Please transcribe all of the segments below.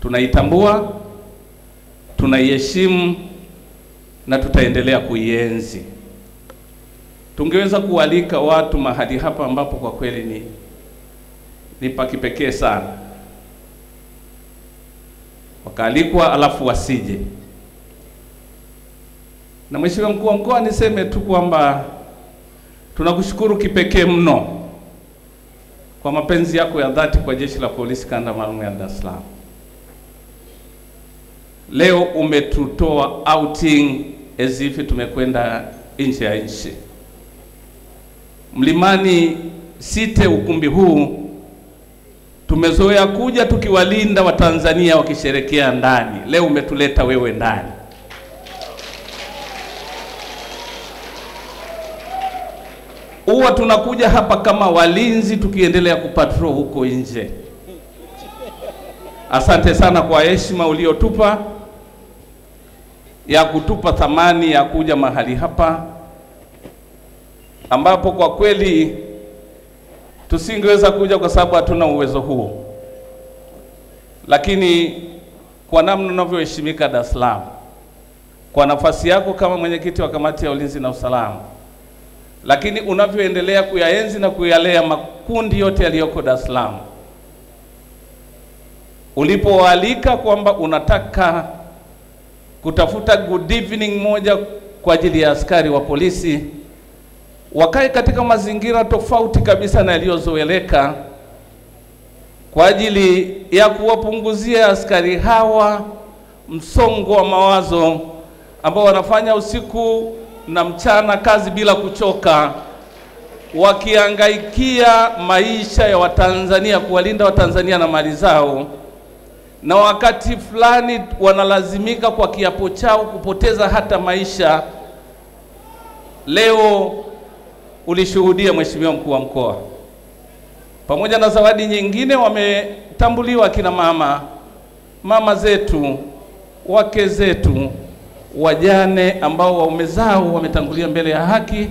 tunaitambua, tunaiheshimu na tutaendelea kuienzi. Tungeweza kualika watu mahali hapa ambapo kwa kweli ni ni pa kipekee sana, wakaalikwa alafu wasije. Na Mheshimiwa Mkuu wa Mkoa, niseme tu kwamba tunakushukuru kipekee mno kwa mapenzi yako ya dhati kwa Jeshi la Polisi Kanda Maalum ya Dar es Salaam. Leo umetutoa outing as if tumekwenda nje ya nchi. Mlimani Site, ukumbi huu tumezoea kuja tukiwalinda Watanzania wakisherekea ndani, leo umetuleta wewe ndani. Huwa tunakuja hapa kama walinzi tukiendelea kupatrol huko nje. Asante sana kwa heshima uliotupa ya kutupa thamani ya kuja mahali hapa ambapo kwa kweli tusingeweza kuja kwa sababu hatuna uwezo huo, lakini kwa namna unavyoheshimika Dar es Salaam, kwa nafasi yako kama mwenyekiti wa kamati ya ulinzi na usalama, lakini unavyoendelea kuyaenzi na kuyalea makundi yote yaliyoko Dar es Salaam, ulipowaalika kwamba unataka kutafuta good evening moja kwa ajili ya askari wa polisi, wakae katika mazingira tofauti kabisa na yaliyozoeleka kwa ajili ya kuwapunguzia askari hawa msongo wa mawazo ambao wanafanya usiku na mchana kazi bila kuchoka, wakiangaikia maisha ya Watanzania, kuwalinda Watanzania na mali zao na wakati fulani wanalazimika kwa kiapo chao kupoteza hata maisha. Leo ulishuhudia, Mheshimiwa Mkuu wa Mkoa, pamoja na zawadi nyingine, wametambuliwa kina mama, mama zetu, wake zetu, wajane ambao waume zao wametangulia mbele ya haki,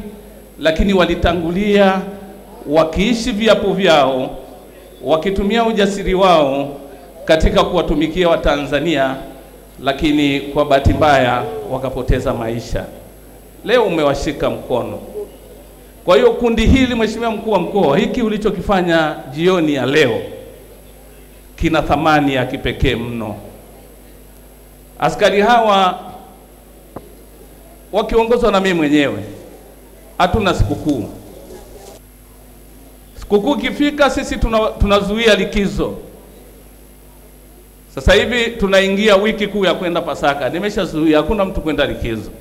lakini walitangulia wakiishi viapo vyao, wakitumia ujasiri wao katika kuwatumikia Watanzania, lakini kwa bahati mbaya wakapoteza maisha. Leo umewashika mkono. Kwa hiyo kundi hili, Mheshimiwa Mkuu wa Mkoa, hiki ulichokifanya jioni ya leo kina thamani ya kipekee mno. Askari hawa wakiongozwa na mimi mwenyewe, hatuna sikukuu. Sikukuu ikifika, sisi tunazuia tuna likizo sasa hivi tunaingia wiki kuu ya kwenda Pasaka, nimeshazuia, hakuna mtu kwenda likizo.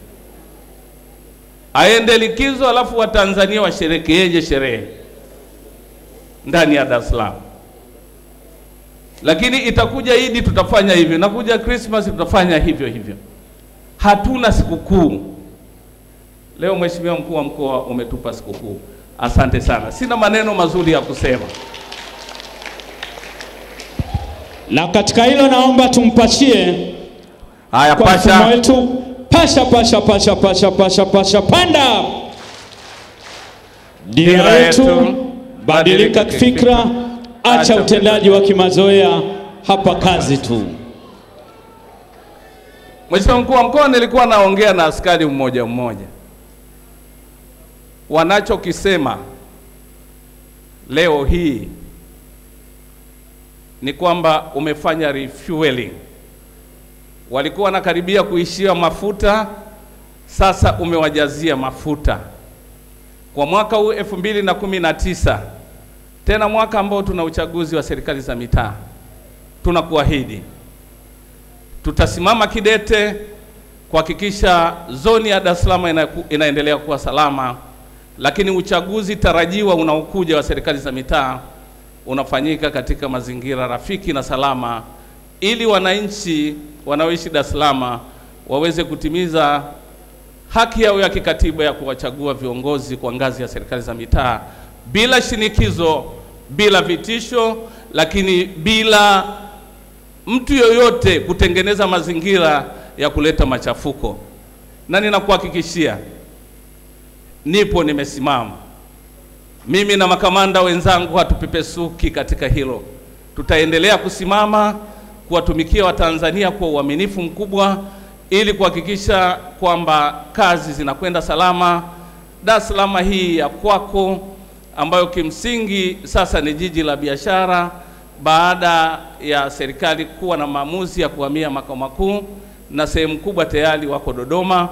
Aende likizo, alafu Watanzania washerekeeje sherehe ndani ya Dar es Salaam? Lakini itakuja Idi tutafanya hivyo, nakuja Christmas tutafanya hivyo hivyo. Hatuna sikukuu. Leo Mheshimiwa mkuu wa mkoa umetupa sikukuu, asante sana. Sina maneno mazuri ya kusema. Na katika hilo naomba tumpashie haya, pasha wetu, pasha pasha pasha pasha pasha pasha, panda dira yetu, badilika kifikra, acha utendaji wa kimazoea, hapa kazi tu. Mheshimiwa mkuu wa mkoa, nilikuwa naongea na askari mmoja mmoja, wanachokisema leo hii ni kwamba umefanya refueling. Walikuwa wanakaribia kuishiwa mafuta, sasa umewajazia mafuta kwa mwaka huu tisa tena mwaka ambao tuna uchaguzi wa serikali za mitaa. Tunakuahidi tutasimama kidete kuhakikisha zoni ya Dar es Salaam ina, inaendelea kuwa salama, lakini uchaguzi tarajiwa unaokuja wa serikali za mitaa unafanyika katika mazingira rafiki na salama, ili wananchi wanaoishi Dar es Salaam waweze kutimiza haki yao ya kikatiba ya kuwachagua viongozi kwa ngazi ya serikali za mitaa bila shinikizo, bila vitisho, lakini bila mtu yoyote kutengeneza mazingira ya kuleta machafuko. Na ninakuhakikishia nipo nimesimama mimi na makamanda wenzangu hatupepesuki katika hilo. Tutaendelea kusimama kuwatumikia Watanzania kwa uaminifu mkubwa ili kuhakikisha kwamba kazi zinakwenda salama. Dar es Salaam hii ya kwako ambayo kimsingi sasa ni jiji la biashara baada ya serikali kuwa na maamuzi ya kuhamia makao makuu na sehemu kubwa tayari wako Dodoma,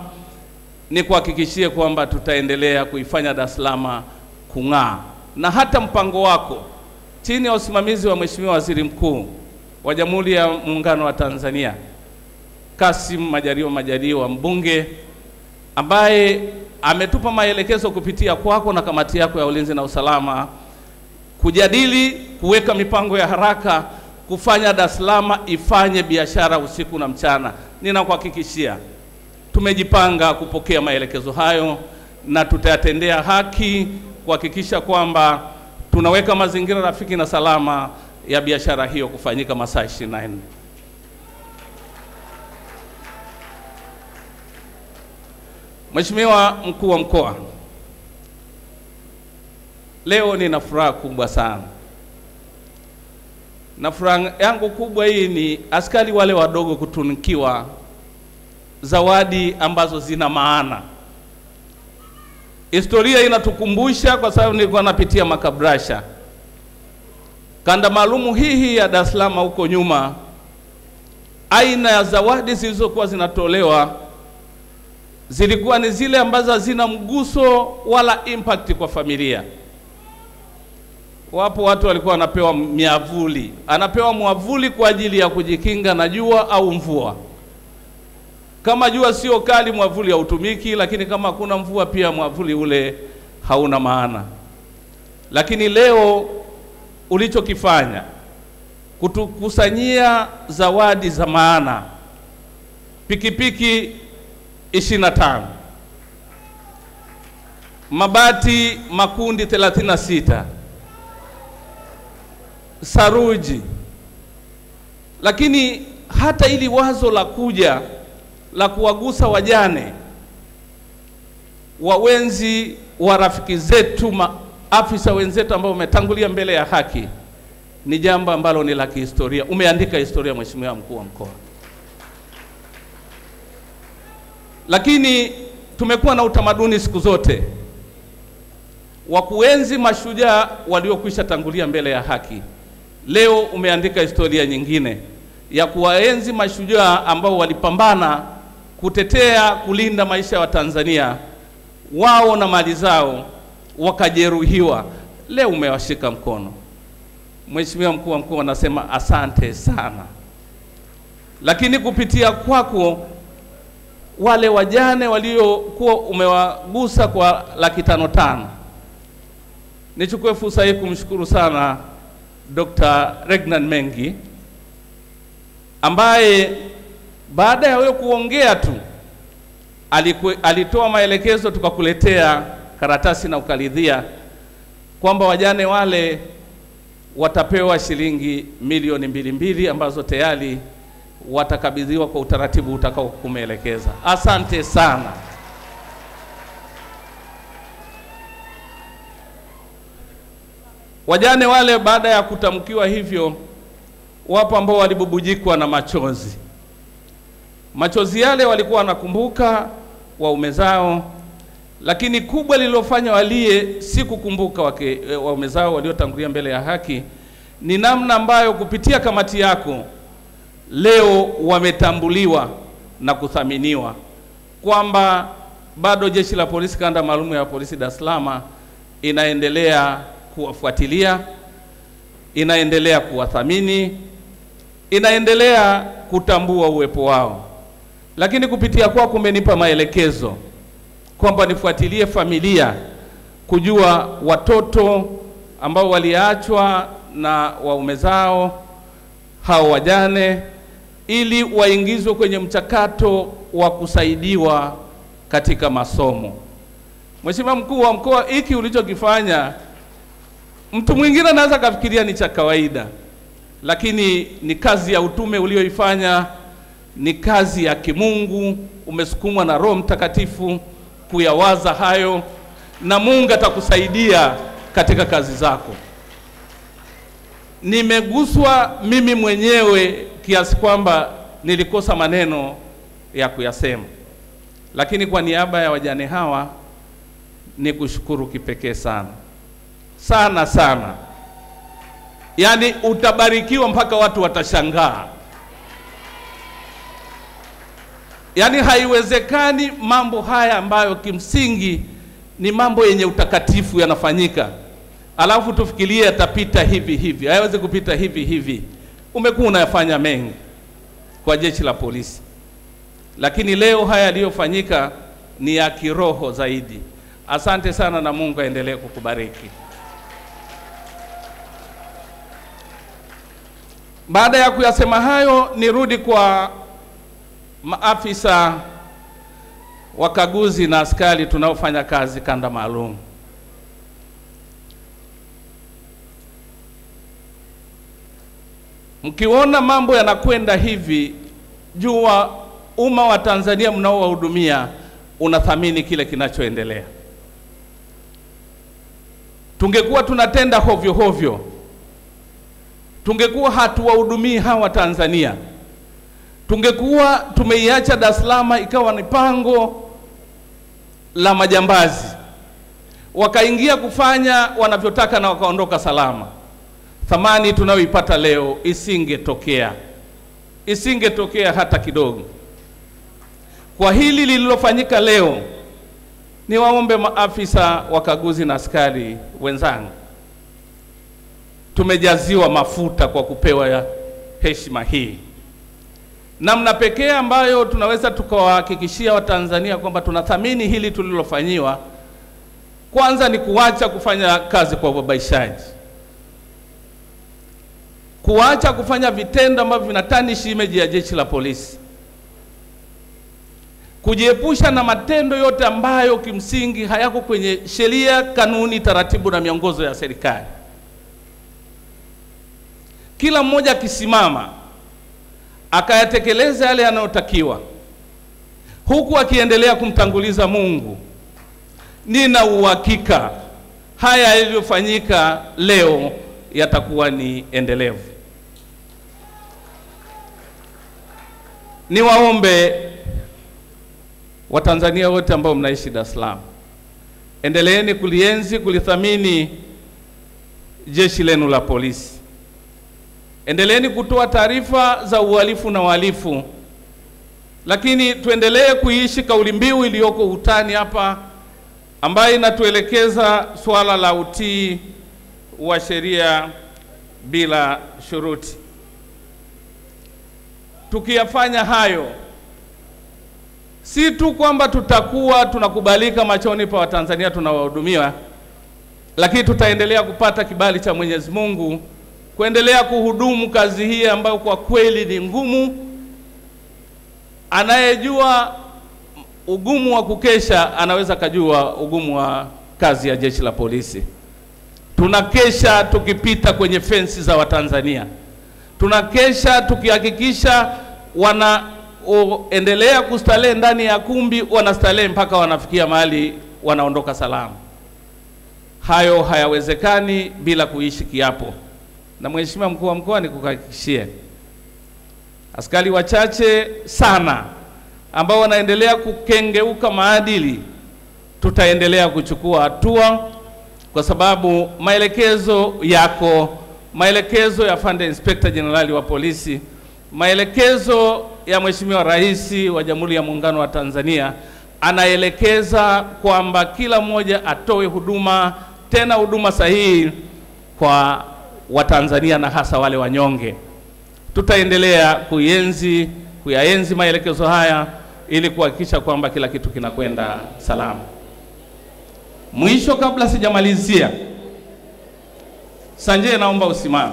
ni kuhakikishie kwamba tutaendelea kuifanya Dar es Salaam kung'aa, na hata mpango wako chini ya usimamizi wa Mheshimiwa Waziri Mkuu wa Jamhuri ya Muungano wa Tanzania Kassim Majaliwa Majaliwa mbunge ambaye ametupa maelekezo kupitia kwako na kamati yako ya ulinzi na usalama kujadili kuweka mipango ya haraka kufanya Dar es Salaam ifanye biashara usiku na mchana. Ninakuhakikishia tumejipanga kupokea maelekezo hayo na tutayatendea haki kuhakikisha kwamba tunaweka mazingira rafiki na salama ya biashara hiyo kufanyika masaa 24. Mheshimiwa Mkuu wa Mkoa, leo nina furaha kubwa sana, na furaha yangu kubwa hii ni askari wale wadogo kutunikiwa zawadi ambazo zina maana Historia inatukumbusha kwa sababu nilikuwa napitia makabrasha kanda maalumu hii hii ya Dar es Salaam huko nyuma, aina ya zawadi zilizokuwa zinatolewa zilikuwa ni zile ambazo hazina mguso wala impact kwa familia. Wapo watu walikuwa wanapewa miavuli, anapewa mwavuli kwa ajili ya kujikinga na jua au mvua kama jua sio kali, mwavuli hautumiki, lakini kama hakuna mvua, pia mwavuli ule hauna maana. Lakini leo ulichokifanya kutukusanyia zawadi za maana, pikipiki tano mabati makundi 36 saruji, lakini hata ili wazo la kuja la kuwagusa wajane, wawenzi wa rafiki zetu, maafisa wenzetu ambao wametangulia mbele ya haki, ni jambo ambalo ni la kihistoria. Umeandika historia, Mheshimiwa Mkuu wa Mkoa. Lakini tumekuwa na utamaduni siku zote wa kuenzi mashujaa waliokwisha tangulia mbele ya haki. Leo umeandika historia nyingine ya kuwaenzi mashujaa ambao walipambana kutetea kulinda maisha ya wa Watanzania wao na mali zao wakajeruhiwa, leo umewashika mkono. Mheshimiwa mkuu wa mkoa, anasema asante sana. Lakini kupitia kwako wale wajane waliokuwa umewagusa kwa laki tano tano, nichukue fursa hii kumshukuru sana Dr. Regnan Mengi ambaye baada ya wewe kuongea tu aliku, alitoa maelekezo tukakuletea karatasi na ukaridhia kwamba wajane wale watapewa shilingi milioni mbili mbili ambazo tayari watakabidhiwa kwa utaratibu utakao kumeelekeza. Asante sana. Wajane wale baada ya kutamkiwa hivyo, wapo ambao walibubujikwa na machozi Machozi yale walikuwa wanakumbuka waume zao, lakini kubwa lililofanya walie si kukumbuka wake eh, waume zao waliotangulia mbele ya haki, ni namna ambayo kupitia kamati yako leo wametambuliwa na kuthaminiwa kwamba bado jeshi la polisi kanda maalum ya polisi Dar es Salaam inaendelea kuwafuatilia, inaendelea kuwathamini, inaendelea kutambua uwepo wao. Lakini kupitia kwako umenipa maelekezo kwamba nifuatilie familia kujua watoto ambao waliachwa na waume zao hao wajane, ili waingizwe kwenye mchakato wa kusaidiwa katika masomo. Mheshimiwa mkuu wa mkoa, hiki ulichokifanya mtu mwingine anaweza kafikiria ni cha kawaida, lakini ni kazi ya utume ulioifanya ni kazi ya kimungu, umesukumwa na Roho Mtakatifu kuyawaza hayo, na Mungu atakusaidia katika kazi zako. Nimeguswa mimi mwenyewe kiasi kwamba nilikosa maneno ya kuyasema, lakini kwa niaba ya wajane hawa ni kushukuru kipekee sana sana sana, yaani utabarikiwa mpaka watu watashangaa Yaani haiwezekani mambo haya ambayo kimsingi ni mambo yenye utakatifu yanafanyika, alafu tufikirie yatapita hivi hivi. Hayawezi kupita hivi hivi. Umekuwa unayafanya mengi kwa jeshi la polisi, lakini leo haya yaliyofanyika ni ya kiroho zaidi. Asante sana na Mungu aendelee kukubariki. Baada ya kuyasema hayo, nirudi kwa maafisa wakaguzi na askari tunaofanya kazi kanda maalum. Mkiona mambo yanakwenda hivi, jua umma wa Tanzania mnaowahudumia unathamini kile kinachoendelea. Tungekuwa tunatenda hovyo hovyo, tungekuwa hatuwahudumii hawa Tanzania tungekuwa tumeiacha Dar es Salaam ikawa ni pango la majambazi, wakaingia kufanya wanavyotaka na wakaondoka salama, thamani tunayoipata leo isingetokea, isingetokea hata kidogo. Kwa hili lililofanyika leo, ni waombe maafisa wakaguzi na askari wenzangu, tumejaziwa mafuta kwa kupewa heshima hii. Namna pekee ambayo tunaweza tukawahakikishia Watanzania kwamba tunathamini hili tulilofanyiwa, kwanza ni kuacha kufanya kazi kwa ubabaishaji, kuacha kufanya vitendo ambavyo vinatanishi imeji ya jeshi la polisi, kujiepusha na matendo yote ambayo kimsingi hayako kwenye sheria, kanuni, taratibu na miongozo ya serikali. Kila mmoja akisimama akayatekeleza yale yanayotakiwa, huku akiendelea kumtanguliza Mungu. Nina uhakika haya yaliyofanyika leo yatakuwa ni endelevu. Niwaombe Watanzania wote ambao mnaishi Dar es Salaam, endeleeni kulienzi, kulithamini jeshi lenu la polisi. Endeleeni kutoa taarifa za uhalifu na uhalifu, lakini tuendelee kuishi kauli mbiu iliyoko utani hapa ambayo inatuelekeza suala la utii wa sheria bila shuruti. Tukiyafanya hayo, si tu kwamba tutakuwa tunakubalika machoni pa Watanzania tunawahudumia, lakini tutaendelea kupata kibali cha Mwenyezi Mungu kuendelea kuhudumu kazi hii ambayo kwa kweli ni ngumu. Anayejua ugumu wa kukesha anaweza kajua ugumu wa kazi ya jeshi la polisi. Tunakesha tukipita kwenye fensi za Watanzania, tunakesha tukihakikisha wanaoendelea kustarehe ndani ya kumbi wanastarehe mpaka wanafikia mahali wanaondoka salama. Hayo hayawezekani bila kuishi kiapo na Mheshimiwa mkuu wa mkoa, nikuhakikishie askari wachache sana ambao wanaendelea kukengeuka maadili, tutaendelea kuchukua hatua, kwa sababu maelekezo yako, maelekezo ya Fanda Inspector Jenerali wa Polisi, maelekezo ya Mheshimiwa Rais wa Jamhuri ya Muungano wa Tanzania anaelekeza kwamba kila mmoja atoe huduma, tena huduma sahihi kwa Watanzania na hasa wale wanyonge. Tutaendelea kuenzi kuyaenzi maelekezo haya ili kuhakikisha kwamba kila kitu kinakwenda salama. Mwisho, kabla sijamalizia, Sanjee, naomba usimame.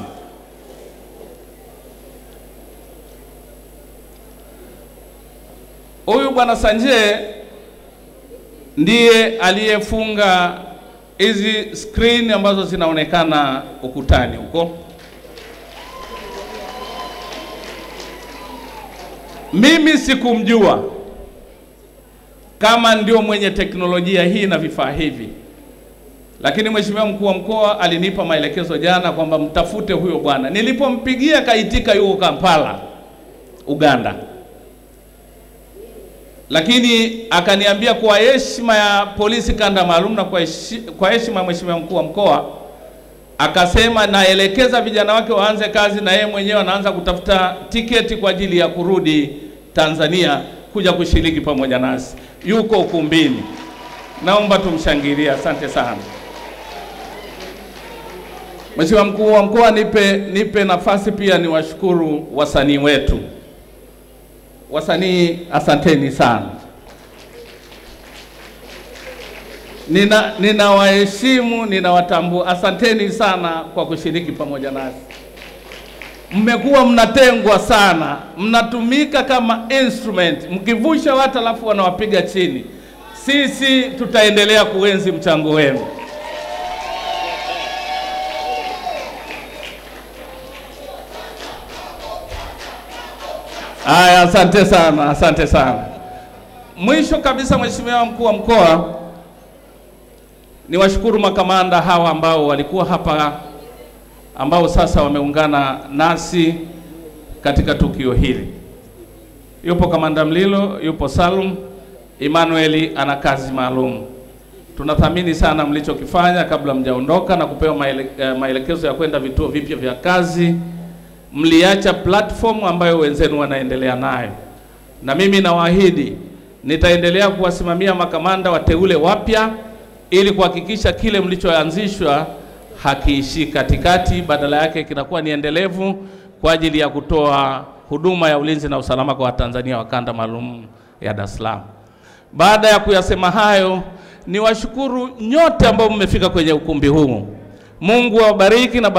Huyu bwana Sanjee ndiye aliyefunga hizi screen ambazo zinaonekana ukutani huko. Mimi sikumjua kama ndio mwenye teknolojia hii na vifaa hivi, lakini mheshimiwa mkuu wa mkoa alinipa maelekezo jana kwamba mtafute huyo bwana. Nilipompigia kaitika, yuko Kampala, Uganda. Lakini akaniambia kwa heshima ya polisi kanda maalum na kwa heshima ya mheshimiwa mkuu wa mkoa, akasema naelekeza vijana wake waanze kazi, na yeye mwenyewe anaanza kutafuta tiketi kwa ajili ya kurudi Tanzania kuja kushiriki pamoja nasi. Yuko ukumbini, naomba tumshangilie. Asante sana Mheshimiwa mkuu wa mkoa, nipe, nipe nafasi pia niwashukuru wasanii wetu wasanii asanteni sana. Nina ninawaheshimu, ninawatambua. Asanteni sana kwa kushiriki pamoja nasi. Mmekuwa mnatengwa sana, mnatumika kama instrument, mkivusha watu alafu wanawapiga chini. Sisi tutaendelea kuenzi mchango wenu. aya asante sana, asante sana. Mwisho kabisa, Mheshimiwa mkuu wa mkoa, niwashukuru makamanda hawa ambao walikuwa hapa ambao sasa wameungana nasi katika tukio hili. Yupo kamanda Mlilo, yupo Salum, Emmanuel ana kazi maalum. Tunathamini sana mlichokifanya kabla mjaondoka na kupewa maele, eh, maelekezo ya kwenda vituo vipya vya kazi mliacha platform ambayo wenzenu wanaendelea nayo, na mimi nawaahidi nitaendelea kuwasimamia makamanda wateule wapya ili kuhakikisha kile mlichoanzishwa hakiishi katikati, badala yake kinakuwa ni endelevu kwa ajili ya kutoa huduma ya ulinzi na usalama kwa Watanzania wa kanda maalum ya Dar es Salaam. Baada ya kuyasema hayo, niwashukuru nyote ambao mmefika kwenye ukumbi huu. Mungu awabariki na